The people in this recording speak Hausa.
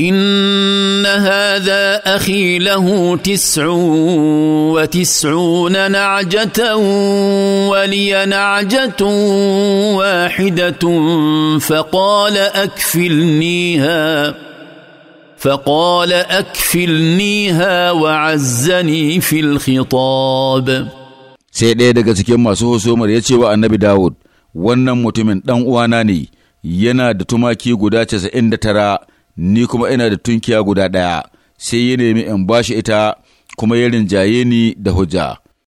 ان هذا اخي له تسع وتسعون نعجه ولي نعجه واحده فقال اكفلنيها فقال اكفلنيها وعزني في الخطاب sai ɗaya daga cikin masu husumar ya ce wa annabi Dawud, Wannan mutumin ɗan uwana ne, yana da tumaki guda casa'in da tara ni kuma ina da tunkiya guda ɗaya sai ya nemi in bashi ita kuma ya rinjaye ni da hujja